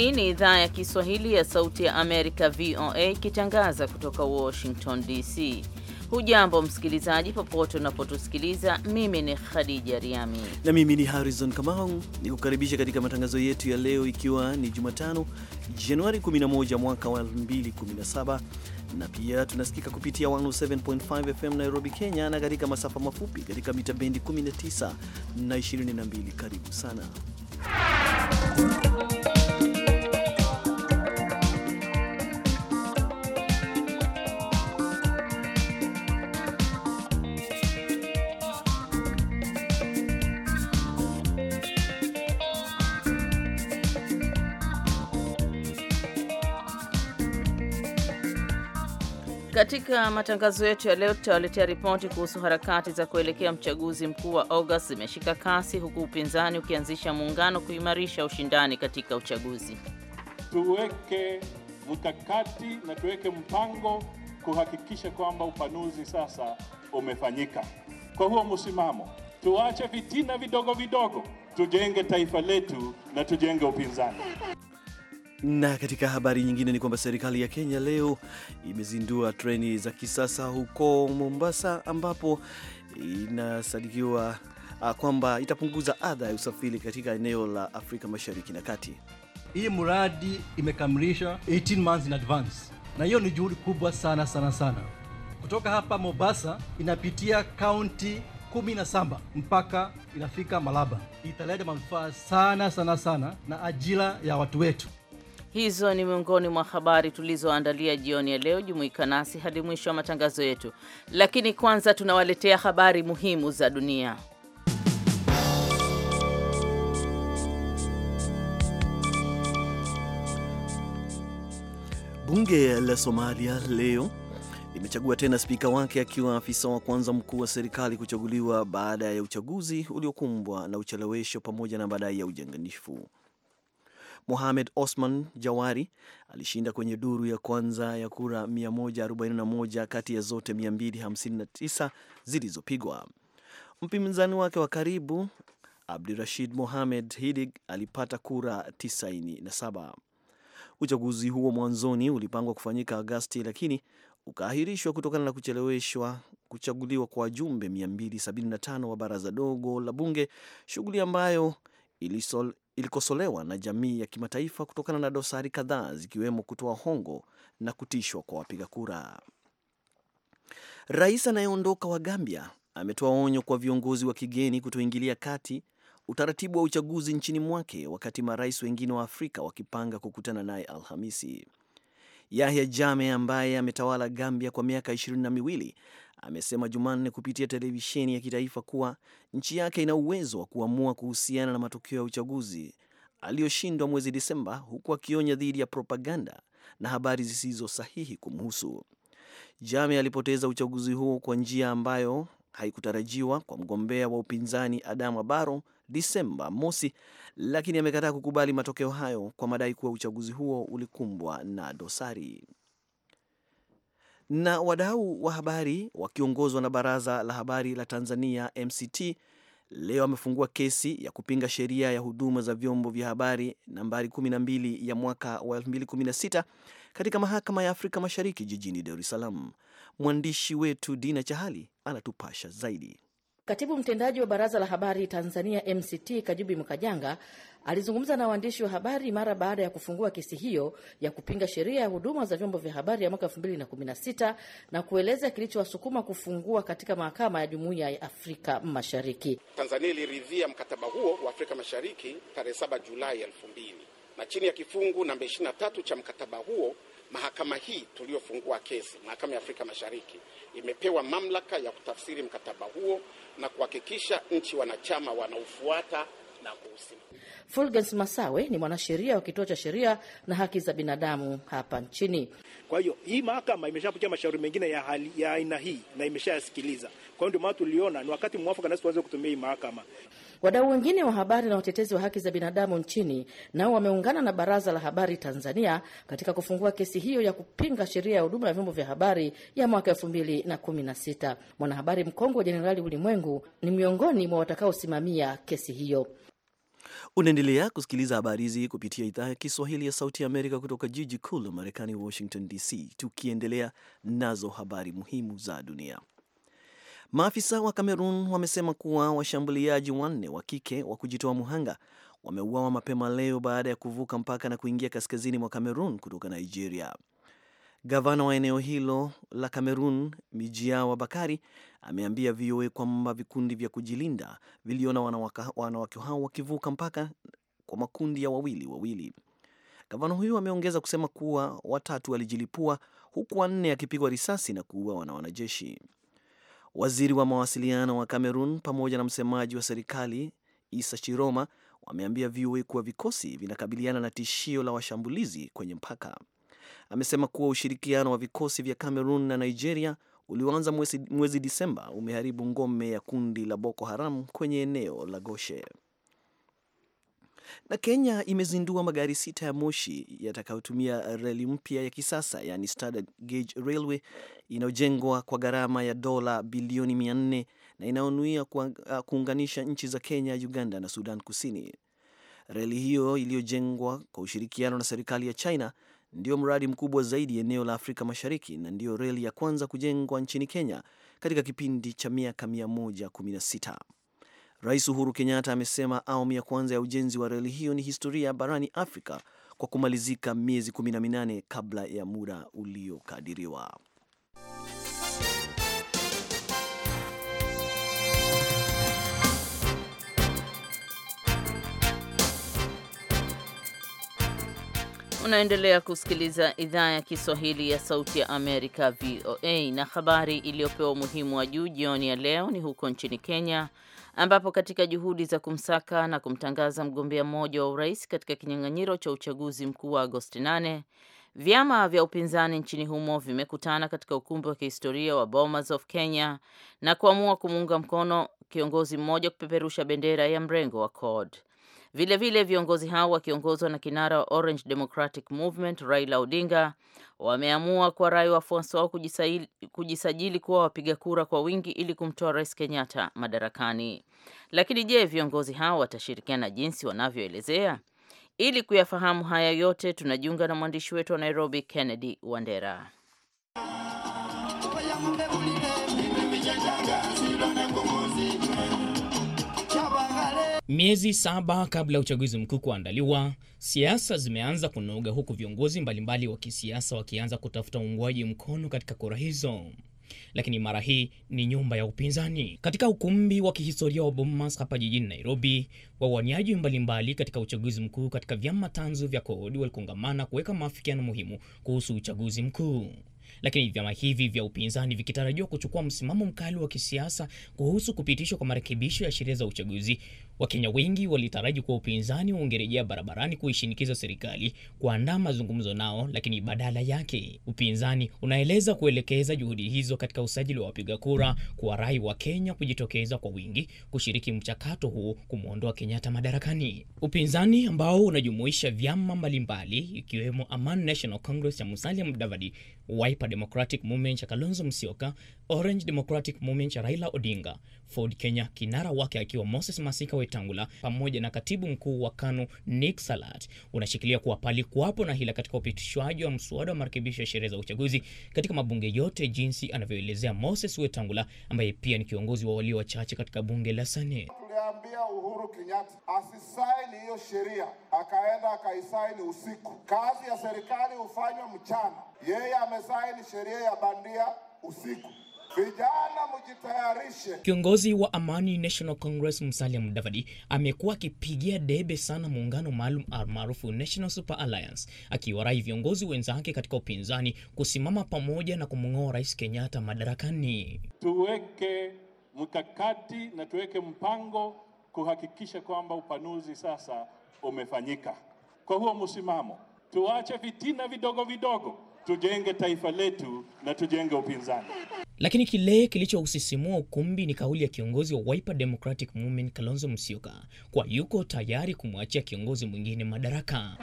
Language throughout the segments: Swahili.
Hii ni idhaa ya Kiswahili ya Sauti ya Amerika, VOA, ikitangaza kutoka Washington DC. Hujambo msikilizaji, popote unapotusikiliza. Mimi ni Khadija Riami na mimi ni Harrison Kamau, nikukaribisha katika matangazo yetu ya leo, ikiwa ni Jumatano Januari 11 mwaka wa 2017 na pia tunasikika kupitia 107.5 FM Nairobi, Kenya, na katika masafa mafupi katika mita bendi 19 na 22. Karibu sana Katika matangazo yetu ya leo tutawaletea ripoti kuhusu harakati za kuelekea mchaguzi mkuu wa Agosti zimeshika kasi huku upinzani ukianzisha muungano kuimarisha ushindani katika uchaguzi. Tuweke mkakati na tuweke mpango kuhakikisha kwamba upanuzi sasa umefanyika. Kwa huo msimamo, tuache vitina vidogo vidogo, tujenge taifa letu na tujenge upinzani. Na katika habari nyingine ni kwamba serikali ya Kenya leo imezindua treni za kisasa huko Mombasa, ambapo inasadikiwa ah, kwamba itapunguza adha ya usafiri katika eneo la Afrika Mashariki na Kati. Hii mradi imekamilisha 18 months in advance, na hiyo ni juhudi kubwa sana sana sana. Kutoka hapa Mombasa inapitia kaunti 17 mpaka inafika Malaba. Italeta manufaa sana sana sana na ajira ya watu wetu. Hizo ni miongoni mwa habari tulizoandalia jioni ya leo. Jumuika nasi hadi mwisho wa matangazo yetu, lakini kwanza tunawaletea habari muhimu za dunia. Bunge la Somalia leo limechagua tena spika wake akiwa afisa wa kwanza mkuu wa serikali kuchaguliwa baada ya uchaguzi uliokumbwa na uchelewesho pamoja na madai ya ujenganifu. Mohamed Osman Jawari alishinda kwenye duru ya kwanza ya kura 141 kati ya zote 259 zilizopigwa. Mpinzani wake wa karibu abdurashid Mohamed Hidig alipata kura 97. Uchaguzi huo mwanzoni ulipangwa kufanyika Agasti lakini ukaahirishwa kutokana na kucheleweshwa kuchaguliwa kwa wajumbe 275 wa baraza dogo la bunge, shughuli ambayo ilikosolewa na jamii ya kimataifa kutokana na dosari kadhaa zikiwemo kutoa hongo na kutishwa kwa wapiga kura. Rais anayeondoka wa Gambia ametoa onyo kwa viongozi wa kigeni kutoingilia kati utaratibu wa uchaguzi nchini mwake, wakati marais wengine wa Afrika wakipanga kukutana naye Alhamisi. Yahya jame ambaye ametawala Gambia kwa miaka ishirini na miwili amesema Jumanne kupitia televisheni ya kitaifa kuwa nchi yake ina uwezo wa kuamua kuhusiana na matokeo ya uchaguzi aliyoshindwa mwezi Disemba, huku akionya dhidi ya propaganda na habari zisizo sahihi kumhusu. Jame alipoteza uchaguzi huo kwa njia ambayo haikutarajiwa kwa mgombea wa upinzani Adama Barrow Disemba mosi, lakini amekataa kukubali matokeo hayo kwa madai kuwa uchaguzi huo ulikumbwa na dosari na wadau wa habari wakiongozwa na Baraza la Habari la Tanzania MCT leo amefungua kesi ya kupinga sheria ya huduma za vyombo vya habari nambari 12 ya mwaka wa 2016 katika mahakama ya Afrika Mashariki jijini Dar es Salaam. Mwandishi wetu Dina Chahali anatupasha zaidi. Katibu mtendaji wa Baraza la Habari Tanzania MCT Kajubi Mkajanga alizungumza na waandishi wa habari mara baada ya kufungua kesi hiyo ya kupinga sheria ya huduma za vyombo vya habari ya mwaka 2016 na kueleza kilichowasukuma kufungua katika mahakama ya Jumuiya ya Afrika Mashariki. Tanzania iliridhia mkataba huo wa Afrika Mashariki tarehe 7 Julai 2000 na chini ya kifungu namba 23 cha mkataba huo mahakama hii tuliyofungua kesi, mahakama ya Afrika Mashariki, imepewa mamlaka ya kutafsiri mkataba huo na kuhakikisha nchi wanachama wanaufuata na kuusimamia. Fulgens Masawe ni mwanasheria wa kituo cha sheria na haki za binadamu hapa nchini. Kwa hiyo hii mahakama imeshapokea mashauri mengine ya hali ya aina hii na imeshayasikiliza. Kwa hiyo ndio maana tuliona ni wakati mwafaka nasi tuanze kutumia hii mahakama. Wadau wengine wa habari na watetezi wa haki za binadamu nchini nao wameungana na Baraza la Habari Tanzania katika kufungua kesi hiyo ya kupinga sheria ya huduma ya vyombo vya habari ya mwaka elfu mbili na kumi na sita. Mwanahabari mkongwe Jenerali Ulimwengu ni miongoni mwa watakaosimamia kesi hiyo. Unaendelea kusikiliza habari hizi kupitia idhaa ya Kiswahili ya Sauti ya Amerika kutoka jiji kuu la Marekani, Washington DC, tukiendelea nazo habari muhimu za dunia. Maafisa wa cameron wamesema kuwa washambuliaji wanne wa kike wa kujitoa muhanga wameuawa mapema leo baada ya kuvuka mpaka na kuingia kaskazini mwa Cameroon kutoka Nigeria. Gavana wa eneo hilo la Cameroon, Mijiawa Bakari, ameambia VOA kwamba vikundi vya kujilinda viliona wanawake hao wakivuka mpaka kwa makundi ya wawili wawili. Gavana huyu ameongeza kusema kuwa watatu walijilipua huku wanne akipigwa risasi na kuuawa na wanajeshi. Waziri wa mawasiliano wa Cameroon pamoja na msemaji wa serikali Isa Chiroma wameambia VOA kuwa vikosi vinakabiliana na tishio la washambulizi kwenye mpaka. Amesema kuwa ushirikiano wa vikosi vya Cameroon na Nigeria ulioanza mwezi, mwezi Disemba umeharibu ngome ya kundi la Boko Haram kwenye eneo la Goshe. Na Kenya imezindua magari sita ya moshi yatakayotumia reli mpya ya kisasa, yani standard gauge railway inayojengwa kwa gharama ya dola bilioni mia nne na inayonuia ah, kuunganisha nchi za Kenya, Uganda na Sudan Kusini. Reli hiyo iliyojengwa kwa ushirikiano na serikali ya China ndio mradi mkubwa zaidi eneo la Afrika Mashariki na ndiyo reli ya kwanza kujengwa nchini Kenya katika kipindi cha miaka 116. Rais Uhuru Kenyatta amesema awamu ya kwanza ya ujenzi wa reli hiyo ni historia barani Afrika kwa kumalizika miezi 18 kabla ya muda uliokadiriwa. Unaendelea kusikiliza idhaa ya Kiswahili ya Sauti ya Amerika, VOA, na habari iliyopewa umuhimu wa juu jioni ya leo ni huko nchini Kenya ambapo katika juhudi za kumsaka na kumtangaza mgombea mmoja wa urais katika kinyang'anyiro cha uchaguzi mkuu wa Agosti 8 vyama vya upinzani nchini humo vimekutana katika ukumbi wa kihistoria wa Bomas of Kenya na kuamua kumuunga mkono kiongozi mmoja kupeperusha bendera ya mrengo wa CORD vilevile vile viongozi hao wakiongozwa na kinara wa Orange Democratic Movement Raila Odinga wameamua kwa rai wafuasi wao kujisajili kuwa wapiga kura kwa wingi ili kumtoa Rais Kenyatta madarakani. Lakini je, viongozi hao watashirikiana jinsi wanavyoelezea? Ili kuyafahamu haya yote, tunajiunga na mwandishi wetu wa Nairobi Kennedy Wandera. Miezi saba kabla ya uchaguzi mkuu kuandaliwa, siasa zimeanza kunoga, huku viongozi mbalimbali wa kisiasa wakianza kutafuta uungwaji mkono katika kura hizo, lakini mara hii ni nyumba ya upinzani. Katika ukumbi wa kihistoria wa Bomas hapa jijini Nairobi, wawaniaji mbalimbali katika uchaguzi mkuu katika vyama tanzu vya kodi walikongamana kuweka maafikiano muhimu kuhusu uchaguzi mkuu lakini vyama hivi vya upinzani vikitarajiwa kuchukua msimamo mkali wa kisiasa kuhusu kupitishwa kwa marekebisho ya sheria za uchaguzi, Wakenya wengi walitaraji kuwa upinzani ungerejea barabarani kuishinikiza serikali kuandaa mazungumzo nao, lakini badala yake upinzani unaeleza kuelekeza juhudi hizo katika usajili wa wapiga kura, kuwarai kenya kujitokeza kwa wingi kushiriki mchakato huu kumwondoa Kenyatta madarakani. Upinzani ambao unajumuisha vyama mbalimbali ikiwemo Aman National Congress ya Musalia Mudavadi, Wiper Democratic Movement cha Kalonzo Musyoka, Orange Democratic Movement cha Raila Odinga Ford Kenya, kinara wake akiwa Moses Masika Wetangula pamoja na katibu mkuu wa KANU Nick Salat, unashikilia kuwa palikuwapo na hila katika upitishwaji wa mswada wa marekebisho ya sheria za uchaguzi katika mabunge yote, jinsi anavyoelezea Moses Wetangula ambaye pia ni kiongozi wa walio wachache katika bunge la Seneti. Tuliambia Uhuru Kenyatta asisaini hiyo sheria, akaenda akaisaini usiku. Kazi ya serikali hufanywa mchana, yeye amesaini sheria ya bandia usiku. Vijana mjitayarishe. Kiongozi wa Amani National Congress Musalia Mudavadi amekuwa akipigia debe sana muungano maalum almaarufu National Super Alliance, akiwarai viongozi wenzake katika upinzani kusimama pamoja na kumng'oa Rais Kenyatta madarakani. Tuweke mkakati na tuweke mpango kuhakikisha kwamba upanuzi sasa umefanyika. Kwa huo msimamo, tuache vitina vidogo vidogo tujenge taifa letu na tujenge upinzani. Lakini kile kilichousisimua ukumbi ni kauli ya kiongozi wa Wiper Democratic Movement Kalonzo Musyoka kwa yuko tayari kumwachia kiongozi mwingine madaraka.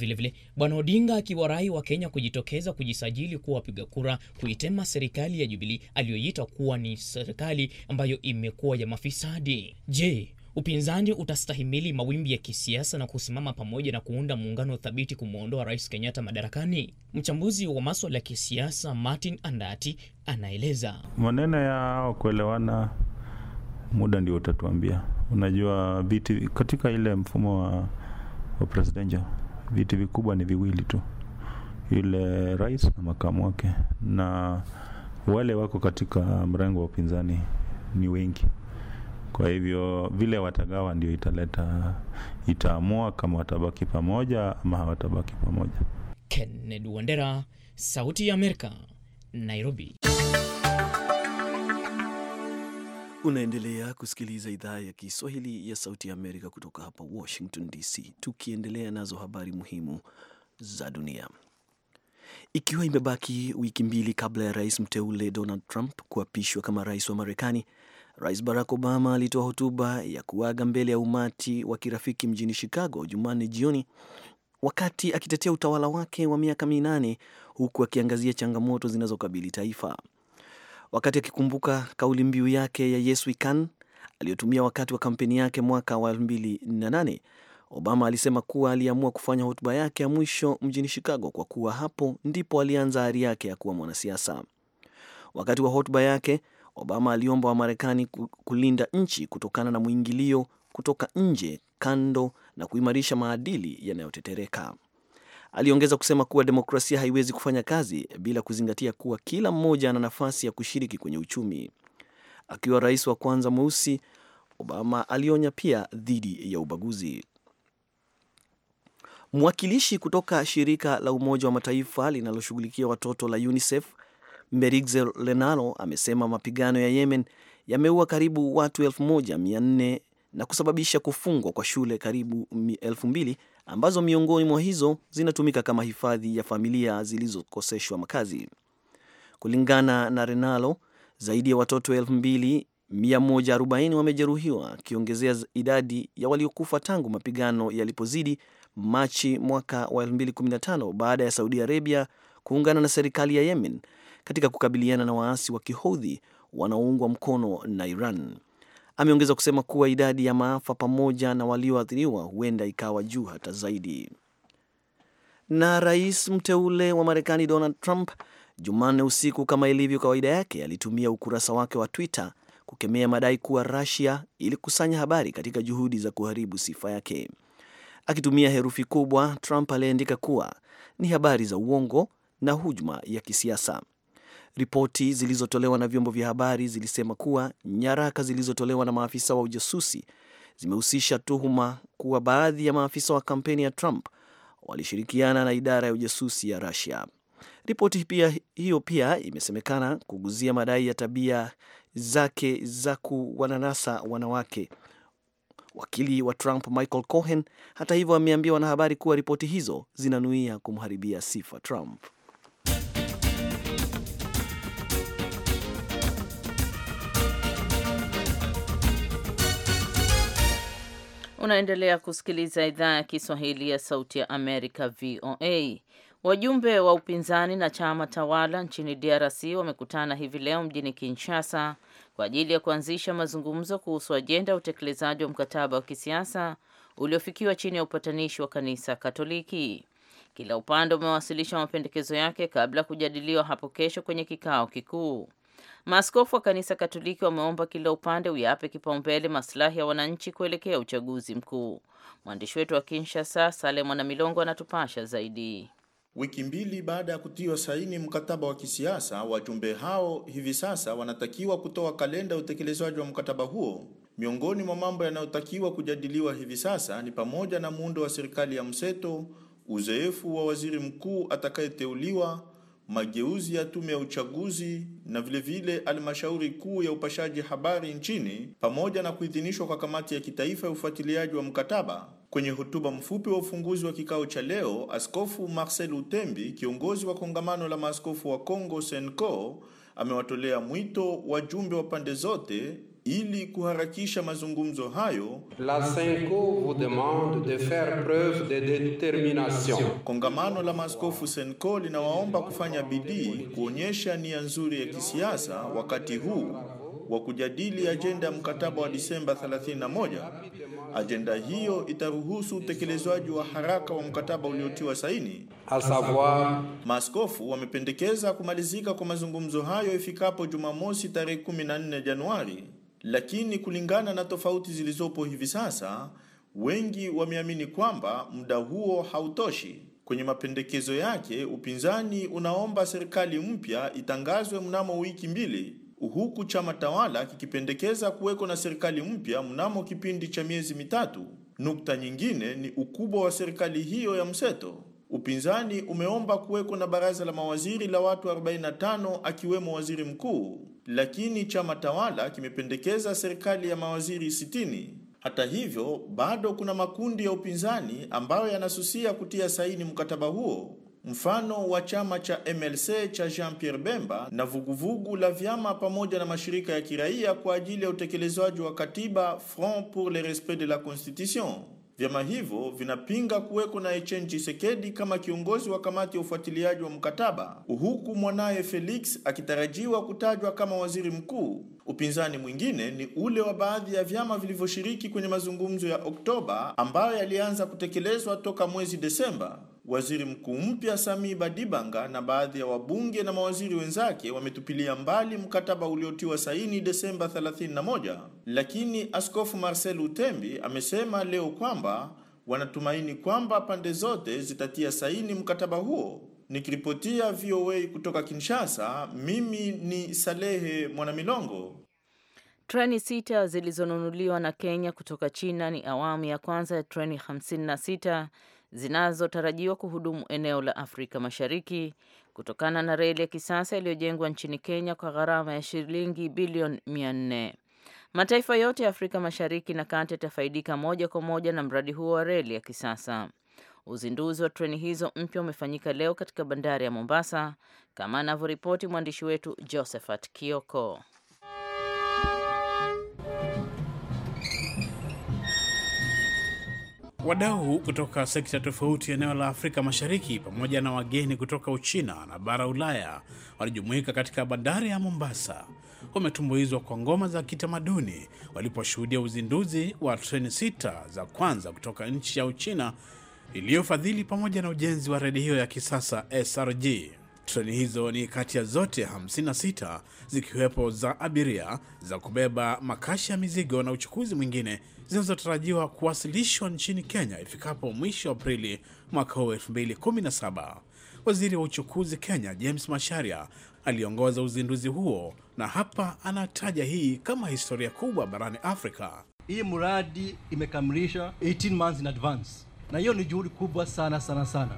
Vilevile Bwana Odinga akiwarai wa Kenya kujitokeza kujisajili kuwa wapiga kura kuitema serikali ya Jubilee aliyoita kuwa ni serikali ambayo imekuwa ya mafisadi. Je, Upinzani utastahimili mawimbi ya kisiasa na kusimama pamoja na kuunda muungano thabiti kumwondoa Rais Kenyatta madarakani? Mchambuzi wa maswala ya kisiasa Martin Andati anaeleza. Maneno ya kuelewana, muda ndio utatuambia. Unajua viti katika ile mfumo wa, wa presidential viti vikubwa ni viwili tu, yule rais na makamu wake, na wale wako katika mrengo wa upinzani ni wengi kwa hivyo vile watagawa ndio italeta, itaamua kama watabaki pamoja ama hawatabaki pamoja. Kennedy Wandera, Sauti ya Amerika, Nairobi. Unaendelea kusikiliza idhaa ya Kiswahili ya Sauti ya Amerika kutoka hapa Washington DC, tukiendelea nazo habari muhimu za dunia. Ikiwa imebaki wiki mbili kabla ya rais mteule Donald Trump kuapishwa kama rais wa Marekani, Rais Barack Obama alitoa hotuba ya kuaga mbele ya umati wa kirafiki mjini Chicago Jumanne jioni wakati akitetea utawala wake wa miaka minane huku akiangazia changamoto zinazokabili taifa. Wakati akikumbuka kauli mbiu yake ya Yes We Can aliyotumia wakati wa kampeni yake mwaka wa 2008, Obama alisema kuwa aliamua kufanya hotuba yake ya mwisho mjini Chicago kwa kuwa hapo ndipo alianza ari yake ya kuwa mwanasiasa. Wakati wa hotuba yake, Obama aliomba Wamarekani kulinda nchi kutokana na mwingilio kutoka nje kando na kuimarisha maadili yanayotetereka. Aliongeza kusema kuwa demokrasia haiwezi kufanya kazi bila kuzingatia kuwa kila mmoja ana nafasi ya kushiriki kwenye uchumi. Akiwa rais wa kwanza mweusi, Obama alionya pia dhidi ya ubaguzi. Mwakilishi kutoka shirika la Umoja wa Mataifa linaloshughulikia watoto la UNICEF Mberize Lenalo amesema mapigano ya Yemen yameua karibu watu 1400 na kusababisha kufungwa kwa shule karibu 2000 ambazo miongoni mwa hizo zinatumika kama hifadhi ya familia zilizokoseshwa makazi. Kulingana na Renalo, zaidi ya watoto 2140 wamejeruhiwa, akiongezea idadi ya waliokufa tangu mapigano yalipozidi Machi mwaka wa 2015 baada ya Saudi Arabia kuungana na serikali ya Yemen katika kukabiliana na waasi wa kihodhi wanaoungwa mkono na Iran. Ameongeza kusema kuwa idadi ya maafa pamoja na walioathiriwa huenda ikawa juu hata zaidi. Na rais mteule wa Marekani Donald Trump Jumanne usiku, kama ilivyo kawaida yake, alitumia ukurasa wake wa Twitter kukemea madai kuwa Russia ilikusanya habari katika juhudi za kuharibu sifa yake. Akitumia herufi kubwa, Trump aliandika kuwa ni habari za uongo na hujuma ya kisiasa. Ripoti zilizotolewa na vyombo vya habari zilisema kuwa nyaraka zilizotolewa na maafisa wa ujasusi zimehusisha tuhuma kuwa baadhi ya maafisa wa kampeni ya Trump walishirikiana na idara ya ujasusi ya Russia. Ripoti pia hiyo pia imesemekana kuguzia madai ya tabia zake za kuwananasa wanawake. Wakili wa Trump Michael Cohen, hata hivyo, ameambia wanahabari kuwa ripoti hizo zinanuia kumharibia sifa Trump. Unaendelea kusikiliza idhaa ya Kiswahili ya Sauti ya Amerika, VOA. Wajumbe wa upinzani na chama tawala nchini DRC wamekutana hivi leo mjini Kinshasa kwa ajili ya kuanzisha mazungumzo kuhusu ajenda ya utekelezaji wa mkataba wa kisiasa uliofikiwa chini ya upatanishi wa kanisa Katoliki. Kila upande umewasilisha mapendekezo yake kabla ya kujadiliwa hapo kesho kwenye kikao kikuu. Maaskofu wa kanisa Katoliki wameomba kila upande uyape kipaumbele maslahi ya wananchi kuelekea uchaguzi mkuu. Mwandishi wetu wa Kinshasa, Sale Mwana Milongo, anatupasha zaidi. Wiki mbili baada ya kutiwa saini mkataba wa kisiasa, wajumbe hao hivi sasa wanatakiwa kutoa kalenda ya utekelezaji wa mkataba huo. Miongoni mwa mambo yanayotakiwa kujadiliwa hivi sasa ni pamoja na muundo wa serikali ya mseto, uzoefu wa waziri mkuu atakayeteuliwa mageuzi ya tume ya uchaguzi na vilevile almashauri kuu ya upashaji habari nchini pamoja na kuidhinishwa kwa kamati ya kitaifa ya ufuatiliaji wa mkataba. Kwenye hotuba mfupi wa ufunguzi wa kikao cha leo, Askofu Marcel Utembi, kiongozi wa kongamano la maaskofu wa congo SENCO, amewatolea mwito wajumbe wa pande zote ili kuharakisha mazungumzo hayo, la Senko vous demande de faire preuve de determination. Kongamano la maaskofu Senko linawaomba kufanya bidii kuonyesha nia nzuri ya kisiasa wakati huu wa kujadili ajenda ya mkataba wa Disemba 31. Ajenda hiyo itaruhusu utekelezwaji wa haraka wa mkataba uliotiwa saini. Asavoir, maaskofu wamependekeza kumalizika kwa mazungumzo hayo ifikapo Jumamosi tarehe 14 Januari. Lakini kulingana na tofauti zilizopo hivi sasa, wengi wameamini kwamba muda huo hautoshi. Kwenye mapendekezo yake, upinzani unaomba serikali mpya itangazwe mnamo wiki mbili, huku chama tawala kikipendekeza kuweko na serikali mpya mnamo kipindi cha miezi mitatu. Nukta nyingine ni ukubwa wa serikali hiyo ya mseto. Upinzani umeomba kuweko na baraza la mawaziri la watu 45 akiwemo waziri mkuu, lakini chama tawala kimependekeza serikali ya mawaziri 60. Hata hivyo, bado kuna makundi ya upinzani ambayo yanasusia kutia saini mkataba huo, mfano wa chama cha MLC cha Jean Pierre Bemba na vuguvugu la vyama pamoja na mashirika ya kiraia kwa ajili ya utekelezwaji wa katiba Front pour le respect de la Constitution. Vyama hivyo vinapinga kuweko na Etienne Tshisekedi kama kiongozi wa kamati ya ufuatiliaji wa mkataba, huku mwanaye Felix akitarajiwa kutajwa kama waziri mkuu. Upinzani mwingine ni ule wa baadhi ya vyama vilivyoshiriki kwenye mazungumzo ya Oktoba ambayo yalianza kutekelezwa toka mwezi Desemba. Waziri Mkuu mpya Sami Badibanga na baadhi ya wabunge na mawaziri wenzake wametupilia mbali mkataba uliotiwa saini Desemba 31, lakini Askofu Marcel Utembi amesema leo kwamba wanatumaini kwamba pande zote zitatia saini mkataba huo. Nikiripotia VOA kutoka Kinshasa, mimi ni Salehe Mwanamilongo. Treni sita zilizonunuliwa na Kenya kutoka China ni awamu ya kwanza ya treni 56 zinazotarajiwa kuhudumu eneo la Afrika Mashariki kutokana na reli ya kisasa iliyojengwa nchini Kenya kwa gharama ya shilingi bilioni mia nne Mataifa yote ya Afrika Mashariki na Kati yatafaidika moja kwa moja na mradi huo wa reli ya kisasa. Uzinduzi wa treni hizo mpya umefanyika leo katika bandari ya Mombasa, kama anavyoripoti mwandishi wetu Josephat Kioko. Wadau kutoka sekta tofauti eneo la Afrika Mashariki pamoja na wageni kutoka Uchina na bara Ulaya walijumuika katika bandari ya Mombasa, wametumbuizwa kwa ngoma za kitamaduni waliposhuhudia uzinduzi wa treni sita za kwanza kutoka nchi ya Uchina iliyofadhili pamoja na ujenzi wa redi hiyo ya kisasa SRG. Treni hizo ni kati ya zote 56 zikiwepo za abiria za kubeba makasha ya mizigo na uchukuzi mwingine zinazotarajiwa kuwasilishwa nchini Kenya ifikapo mwisho Aprili mwaka huu 2017. Waziri wa uchukuzi Kenya James Masharia aliongoza uzinduzi huo na hapa anataja hii kama historia kubwa barani Afrika. Hii mradi imekamilisha 18 months in advance, na hiyo ni juhudi kubwa sana sana sana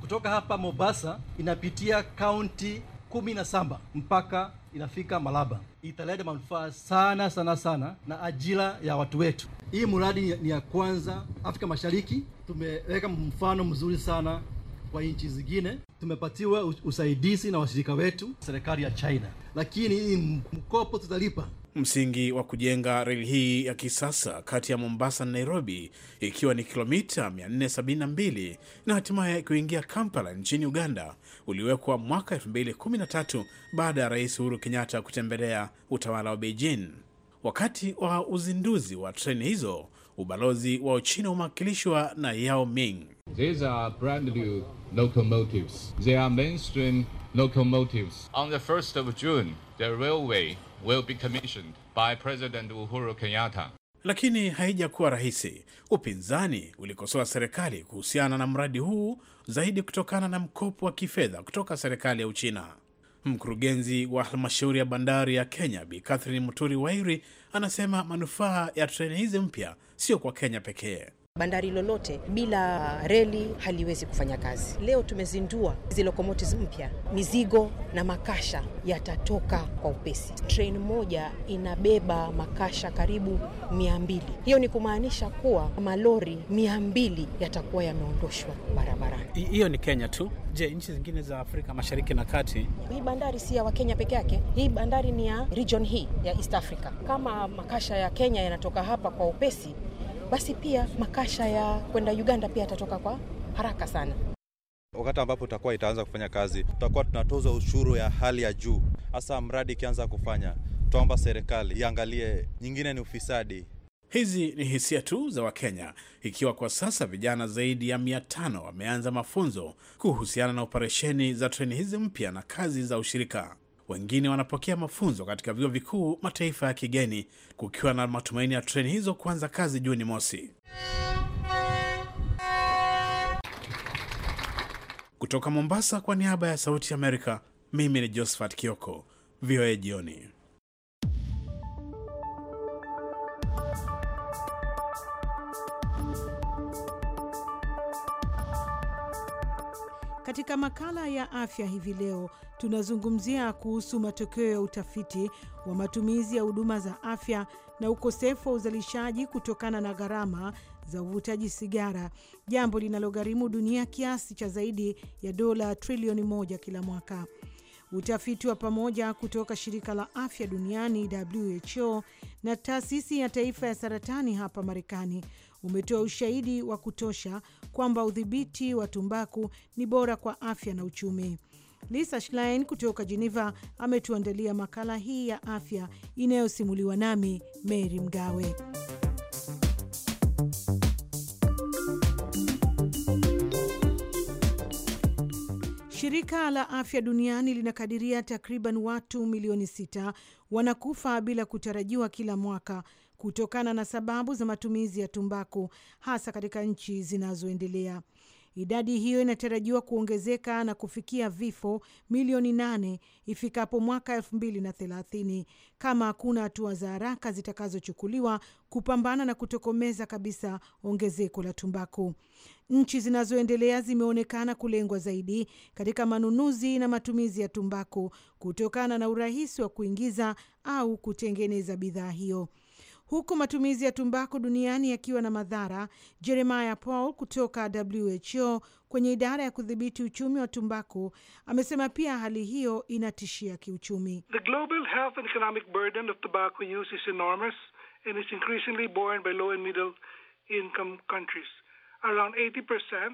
kutoka hapa Mombasa inapitia kaunti kumi na saba mpaka inafika Malaba. Italeta manufaa sana sana sana na ajira ya watu wetu. Hii mradi ni ya kwanza Afrika Mashariki. Tumeweka mfano mzuri sana kwa nchi zingine. Tumepatiwa usaidizi na washirika wetu serikali ya China, lakini hii mkopo tutalipa msingi wa kujenga reli hii ya kisasa kati ya Mombasa na Nairobi, ikiwa ni kilomita 472 na hatimaye kuingia Kampala nchini Uganda, uliwekwa mwaka 2013 baada ya Rais Uhuru Kenyatta kutembelea utawala wa Beijing. Wakati wa uzinduzi wa treni hizo, ubalozi wa Uchina umewakilishwa na Yao Ming. These are brand new locomotives. They are mainstream locomotives. On the 1st of June, the railway will be commissioned by President Uhuru Kenyatta. Lakini haijakuwa rahisi. Upinzani ulikosoa serikali kuhusiana na mradi huu zaidi kutokana na mkopo wa kifedha kutoka serikali ya Uchina. Mkurugenzi wa halmashauri ya bandari ya Kenya Bi Catherine Muturi Wairi anasema manufaa ya treni hizi mpya sio kwa Kenya pekee bandari lolote bila reli haliwezi kufanya kazi. Leo tumezindua hizi locomotives mpya, mizigo na makasha yatatoka kwa upesi. Train moja inabeba makasha karibu mia mbili. Hiyo ni kumaanisha kuwa malori mia mbili yatakuwa yameondoshwa barabarani. Hiyo ni Kenya tu. Je, nchi zingine za Afrika Mashariki na Kati? Hii bandari si ya Wakenya peke yake, hii bandari ni ya region hii ya East Africa. Kama makasha ya Kenya yanatoka hapa kwa upesi basi pia makasha ya kwenda Uganda pia yatatoka kwa haraka sana. Wakati ambapo itakuwa itaanza kufanya kazi, tutakuwa tunatozwa ushuru ya hali ya juu, hasa mradi ikianza kufanya. Tutaomba serikali iangalie, nyingine ni ufisadi. Hizi ni hisia tu za Wakenya, ikiwa kwa sasa vijana zaidi ya mia tano wameanza mafunzo kuhusiana na operesheni za treni hizi mpya na kazi za ushirika wengine wanapokea mafunzo katika vyuo vikuu mataifa ya kigeni, kukiwa na matumaini ya treni hizo kuanza kazi Juni mosi. Kutoka Mombasa, kwa niaba ya Sauti Amerika, mimi ni Josephat Kioko, VOA Jioni. Katika makala ya afya hivi leo tunazungumzia kuhusu matokeo ya utafiti wa matumizi ya huduma za afya na ukosefu wa uzalishaji kutokana na gharama za uvutaji sigara, jambo linalogharimu dunia kiasi cha zaidi ya dola trilioni moja kila mwaka. Utafiti wa pamoja kutoka shirika la afya duniani WHO na taasisi ya taifa ya saratani hapa Marekani umetoa ushahidi wa kutosha kwamba udhibiti wa tumbaku ni bora kwa afya na uchumi. Lisa Schlein kutoka Geneva ametuandalia makala hii ya afya inayosimuliwa nami Mary Mgawe. Shirika la Afya Duniani linakadiria takriban watu milioni sita wanakufa bila kutarajiwa kila mwaka kutokana na sababu za matumizi ya tumbaku hasa katika nchi zinazoendelea. Idadi hiyo inatarajiwa kuongezeka na kufikia vifo milioni nane ifikapo mwaka elfu mbili na thelathini kama hakuna hatua za haraka zitakazochukuliwa kupambana na kutokomeza kabisa ongezeko la tumbaku. Nchi zinazoendelea zimeonekana kulengwa zaidi katika manunuzi na matumizi ya tumbaku kutokana na urahisi wa kuingiza au kutengeneza bidhaa hiyo huku matumizi ya tumbaku duniani yakiwa na madhara. Jeremiah Paul kutoka WHO kwenye idara ya kudhibiti uchumi wa tumbaku amesema pia hali hiyo inatishia kiuchumi. The global health and economic burden of tobacco use is enormous and is increasingly borne by low and middle income countries. Around 80%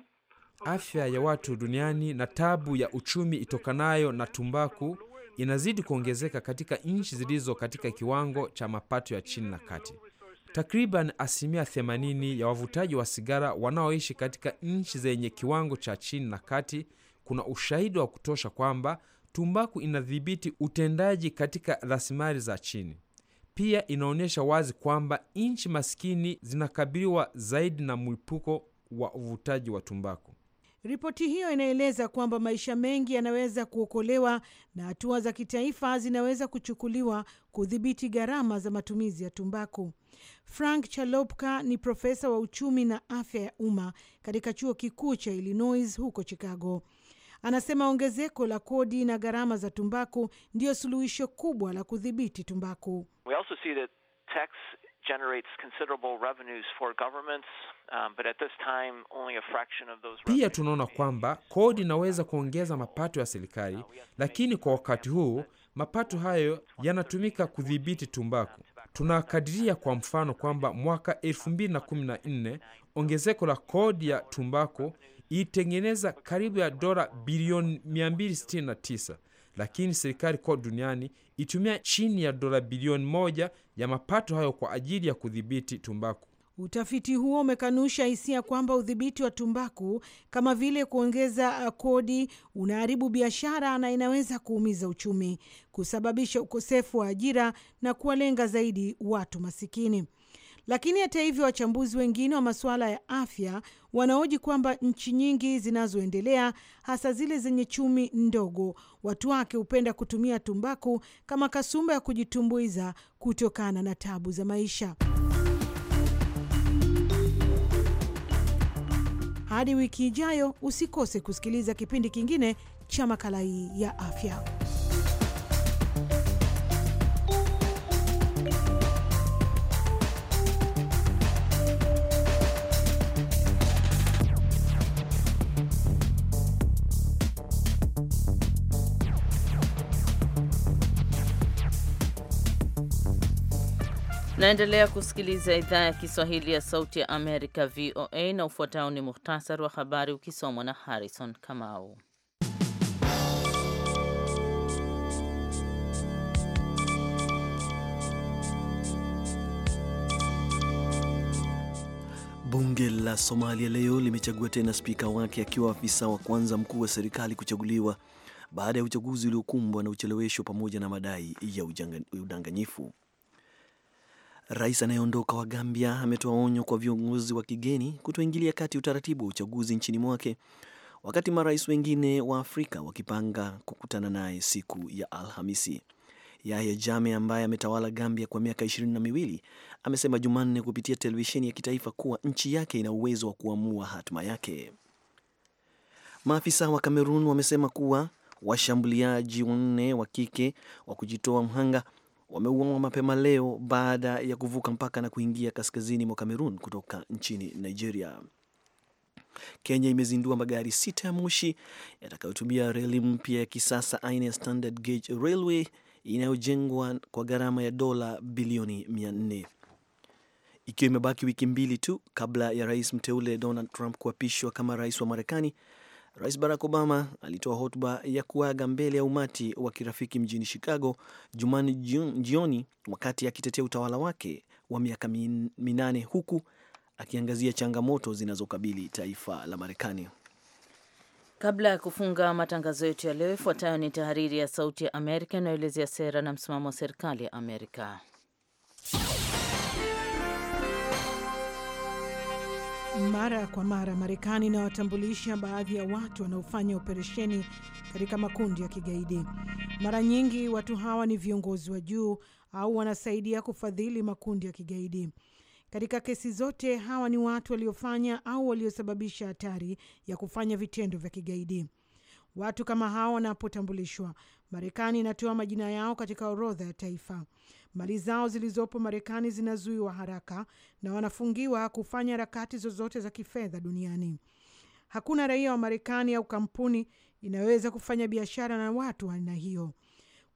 Afya ya watu duniani na tabu ya uchumi itokanayo na tumbaku inazidi kuongezeka katika nchi zilizo katika kiwango cha mapato ya chini na kati. Takriban asilimia 80 ya wavutaji wa sigara wanaoishi katika nchi zenye kiwango cha chini na kati. Kuna ushahidi wa kutosha kwamba tumbaku inadhibiti utendaji katika rasilimali za chini. Pia inaonyesha wazi kwamba nchi maskini zinakabiliwa zaidi na mlipuko wa uvutaji wa tumbaku. Ripoti hiyo inaeleza kwamba maisha mengi yanaweza kuokolewa na hatua za kitaifa zinaweza kuchukuliwa kudhibiti gharama za matumizi ya tumbaku. Frank Chalopka ni profesa wa uchumi na afya ya umma katika chuo kikuu cha Illinois huko Chicago. Anasema ongezeko la kodi na gharama za tumbaku ndiyo suluhisho kubwa la kudhibiti tumbaku. We also see that tax generates considerable revenues for governments, um, but at this time only a fraction of those. Pia tunaona kwamba kodi inaweza kuongeza mapato ya serikali, uh, lakini kwa wakati huu mapato hayo yanatumika kudhibiti tumbaku. Tunakadiria kwa mfano kwamba mwaka 2014 ongezeko la kodi ya tumbako ilitengeneza karibu ya dola bilioni 269 lakini serikali kote duniani itumia chini ya dola bilioni moja ya mapato hayo kwa ajili ya kudhibiti tumbaku. Utafiti huo umekanusha hisia kwamba udhibiti wa tumbaku kama vile kuongeza uh, kodi unaharibu biashara na inaweza kuumiza uchumi, kusababisha ukosefu wa ajira na kuwalenga zaidi watu masikini. Lakini hata hivyo, wachambuzi wengine wa masuala ya afya wanaoji kwamba nchi nyingi zinazoendelea hasa zile zenye chumi ndogo, watu wake hupenda kutumia tumbaku kama kasumba ya kujitumbuiza kutokana na tabu za maisha. Hadi wiki ijayo, usikose kusikiliza kipindi kingine cha makala hii ya afya. Naendelea kusikiliza idhaa ya Kiswahili ya Sauti ya Amerika, VOA, na ufuatao ni muhtasari wa habari ukisomwa na Harrison Kamau. Bunge la Somalia leo limechagua tena spika wake akiwa afisa wa kwanza mkuu wa serikali kuchaguliwa baada ya uchaguzi uliokumbwa na uchelewesho pamoja na madai ya udanganyifu. Rais anayeondoka wa Gambia ametoa onyo kwa viongozi wa kigeni kutoingilia kati utaratibu wa uchaguzi nchini mwake, wakati marais wengine wa Afrika wakipanga kukutana naye siku ya Alhamisi. Yahya jame ambaye ametawala Gambia kwa miaka ishirini na miwili amesema Jumanne kupitia televisheni ya kitaifa kuwa nchi yake ina uwezo wa kuamua hatima yake. Maafisa wa Kamerun wamesema kuwa washambuliaji wanne wa kike wa kujitoa mhanga wameuawa mapema leo baada ya kuvuka mpaka na kuingia kaskazini mwa Kamerun kutoka nchini Nigeria. Kenya imezindua magari sita ya moshi yatakayotumia reli mpya ya kisasa aina ya standard gauge railway inayojengwa kwa gharama ya dola bilioni nne ikiwa imebaki wiki mbili tu kabla ya rais mteule Donald Trump kuapishwa kama rais wa Marekani. Rais Barack Obama alitoa hotuba ya kuaga mbele ya umati wa kirafiki mjini Chicago Jumanne jioni wakati akitetea utawala wake wa miaka minane huku akiangazia changamoto zinazokabili taifa la Marekani. Kabla ya kufunga matangazo yetu ya leo, ifuatayo ni tahariri ya Sauti ya Amerika inayoelezea sera na msimamo wa serikali ya Amerika. Mara kwa mara Marekani inawatambulisha baadhi ya watu wanaofanya operesheni katika makundi ya kigaidi. Mara nyingi watu hawa ni viongozi wa juu au wanasaidia kufadhili makundi ya kigaidi. Katika kesi zote, hawa ni watu waliofanya au waliosababisha hatari ya kufanya vitendo vya kigaidi. Watu kama hawa wanapotambulishwa, Marekani inatoa majina yao katika orodha ya taifa mali zao zilizopo Marekani zinazuiwa haraka na wanafungiwa kufanya harakati zozote za kifedha duniani. Hakuna raia wa Marekani au kampuni inaweza kufanya biashara na watu wa aina hiyo.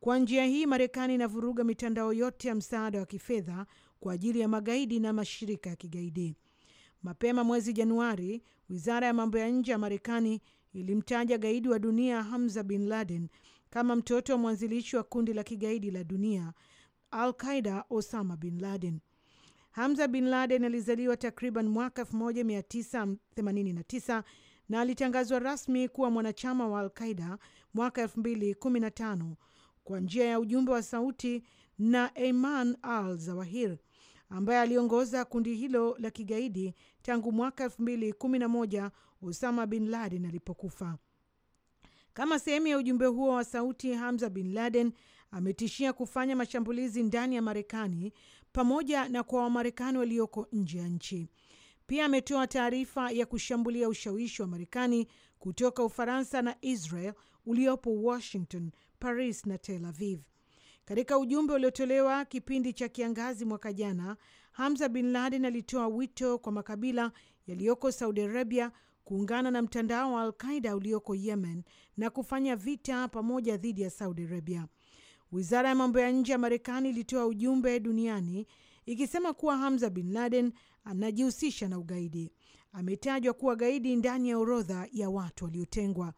Kwa njia hii, Marekani inavuruga mitandao yote ya msaada wa kifedha kwa ajili ya magaidi na mashirika ya kigaidi. Mapema mwezi Januari, wizara ya mambo ya nje ya Marekani ilimtaja gaidi wa dunia Hamza bin Laden kama mtoto wa mwanzilishi wa kundi la kigaidi la dunia Al Qaida Osama bin Laden. Hamza bin Laden alizaliwa takriban mwaka 1989 na alitangazwa rasmi kuwa mwanachama wa Al Qaida mwaka 2015 kwa njia ya ujumbe wa sauti na Eiman al Zawahir ambaye aliongoza kundi hilo la kigaidi tangu mwaka 2011 Osama bin Laden alipokufa. Kama sehemu ya ujumbe huo wa sauti, Hamza bin Laden ametishia kufanya mashambulizi ndani ya Marekani pamoja na kwa Wamarekani walioko nje ya nchi. Pia ametoa taarifa ya kushambulia ushawishi wa Marekani kutoka Ufaransa na Israel uliopo Washington, Paris na Tel Aviv. Katika ujumbe uliotolewa kipindi cha kiangazi mwaka jana, Hamza bin Laden alitoa wito kwa makabila yaliyoko Saudi Arabia kuungana na mtandao wa Alqaida ulioko Yemen na kufanya vita pamoja dhidi ya Saudi Arabia. Wizara ya mambo ya nje ya Marekani ilitoa ujumbe duniani ikisema kuwa Hamza bin Laden anajihusisha na ugaidi. Ametajwa kuwa gaidi ndani ya orodha ya watu waliotengwa.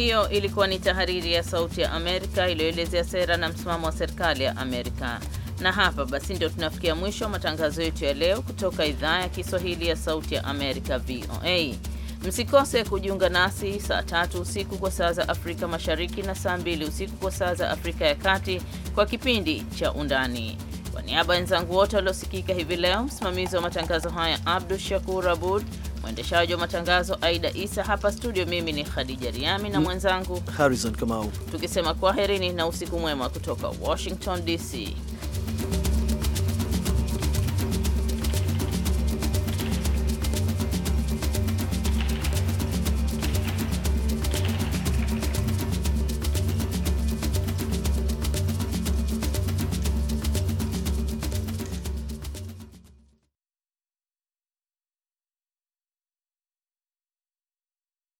Hiyo ilikuwa ni tahariri ya Sauti ya Amerika iliyoelezea sera na msimamo wa serikali ya Amerika. Na hapa basi ndio tunafikia mwisho wa matangazo yetu ya leo kutoka idhaa ya Kiswahili ya Sauti ya Amerika, VOA. Msikose kujiunga nasi saa tatu usiku kwa saa za Afrika Mashariki na saa mbili usiku kwa saa za Afrika ya Kati kwa kipindi cha Undani. Kwa niaba ya wenzangu wote waliosikika hivi leo, msimamizi wa matangazo haya Abdu Shakur Abud, Mwendeshaji wa matangazo Aida Isa, hapa studio, mimi ni Khadija Riami na mm. mwenzangu Harrison Kamau, tukisema kwaherini na usiku mwema kutoka Washington DC.